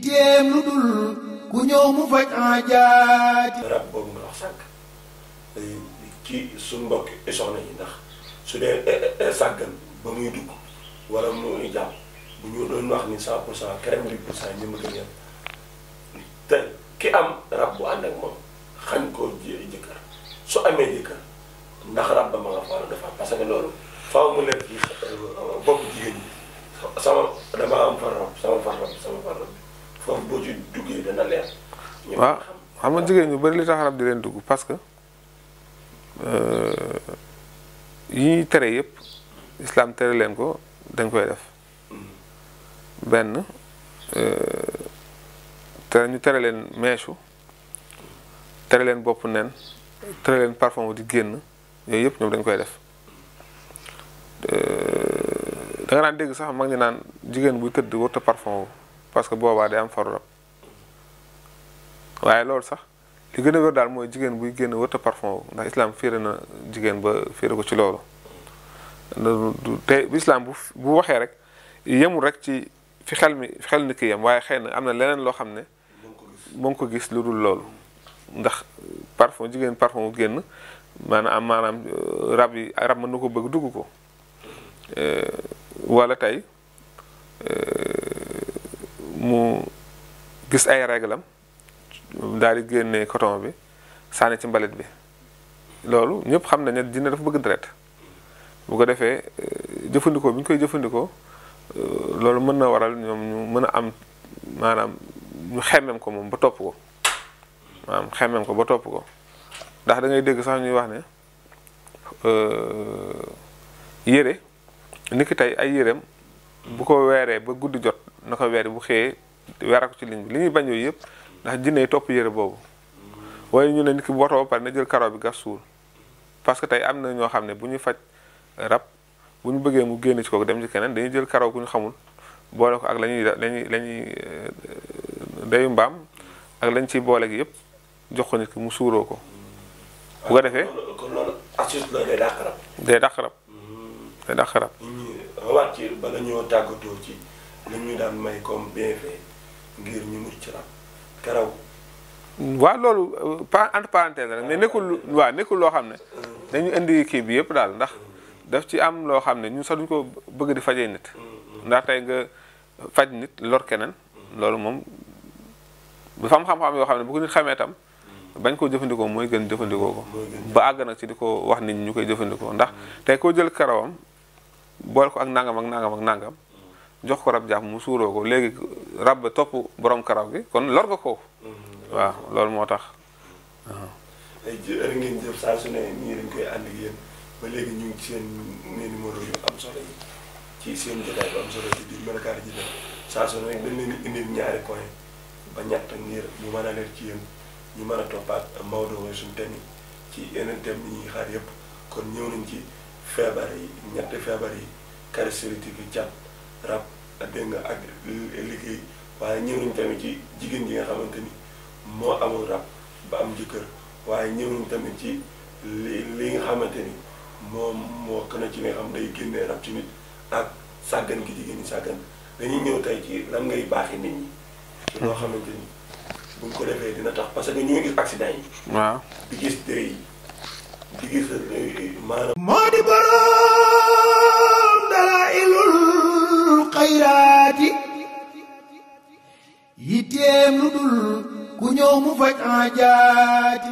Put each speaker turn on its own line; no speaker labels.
yitteem ludul ku ñëw mu faj aajaati rab bo mu wax sànq ci suñ mbokk soxna yi ndax su de eh, eh, eh, sàggan ba muy dugg wala mu ñu japp bu ñu doon wax ni 100 pour cent pour ça ñu mëna yem te ki am rab bu and ak mom xañ ko jëkkar su amé jëkkar ndax rab ba ma nga faal dafa parce que lolu faaw mu nekk bopp waa
xam nga jigéen ñu bari li tax di leen dugg parce que euh, yi ñuy tere yëpp islam tere leen ko dañ koy def benn euh, tere ñu tere leen meesu tere leen bopp nen tere leen parfum di génn yooyu yëpp ñoom dañ koy def euh, da nga naan dégg sax mag ñi naan jigéen buy tëdd warut a parfum parce que boobaa day am faru rab waaye loolu sax li gën a wér daal mooy jigéen buy génn wërta parfum ndax islam fiire na jigéen ba fiire ko ci loolu te islam bu bu waxee rek yemul rek ci fi xel mi xel ni ki yem waaye xëy na am na leneen loo xam ne moo ngi ko gis lu dul loolu ndax parfum jigéen parfum bu génn maanaam maanaam euh, rab yi rab mën na ko bëgg dugg ko euh, wala tey euh, mu gis ay réglam daal di génne coton bi sànni ci mbalit bi loolu ñëpp xam nañ ne dina dafa bëgg deret bu ko defee eh, jëfandikoo bi ñu koy jëfandikoo eh, loolu mën na waral ñoom ñu mën a am maanaam ñu xemmem ko moom ba topp ko maanaam xemmem ko ba topp ko ndax dangay dégg sax ñuy wax ne eh, yére ki tey ay yéreem bu ko weeree ba guddi jot na ko weere bu xëyee weera ci ligne bi li ñuy bañ yooyu yëpp ndax jinne yi topp yére boobu waaye ñu ne nit ki bu watoo pare na jël karaw bi gas suul parce que tey am na ñoo xam ne bu ñu faj rab bu ñu bëggee mu génn ci kooku dem ci keneen dañuy jël karaw ku ñu xamul boole ko ak la ñuy lañuy la ñuy euh, dayu mbaam ak lañ ciy boole yëpp jox ko nit mu suuroo ko bu defee day dàq rab day dàq rab
tàggatoo ci
li ñu daan may comme bienfait ngir ñu mucc rab karaw. waaw loolu entre parenthèse rek mais nekkul waa nekkul loo xam ne. dañu indi kii bi yëpp daal ndax daf ci am loo xam ne ñu sax duñ ko bëgg di fajee nit. ndax tey nga faj nit lor keneen. loolu moom bu fa xam-xam yoo xam ne bu nit xamee tam. bañ koo jëfandikoo mooy gën jëfandikoo ko. ba àgg nag ci di ko wax nit ñu koy jëfandikoo ndax tey koo jël karawam bool ko ak nangam ak nangam ak nangam. jox ko rab jàpp mu suuroo ko léegi rab ba topp borom karaw gi kon lor nga ko. Mm-hmm. waaw loolu moo tax.
ay jërë ngeen jëf saa su ne nii dañ koy ànd ak yéen ba léegi ñu seen numéro yu am solo yi ci seen jotaay bu am solo yi di Melakaar ji saa su ne rek dañ leen indil ñaari point ba ñett ngir ñu mën a leer ci yéen ñu mën a toppaat Maodo mooy suñu thème ci yeneen thème yi ñuy xaar yépp kon ñëw nañ ci feebar yi ñetti feebar yi caractéristique yi cat. rab dégg nga ak liggéey waaye ñëw nañu tamit ci jigéen ji nga xamante ni moo amul rab ba am jëkkër waaye ñëwuñ nañu tamit ci li li nga xamante ni moom moo gën a ci li nga day génnee rab ci nit ak sàggan gi jigéen ñi sàggan dañuy ñëw tey ci lan ngay baaxee nit ñi. ci loo xamante ni buñ ko defee dina tax parce que ñu ngi gis accident yi. waaw di gis dee yi di gis eh, maanaam. moo di borom. aati yitteem lu dul ku ñëw mu faj aajaati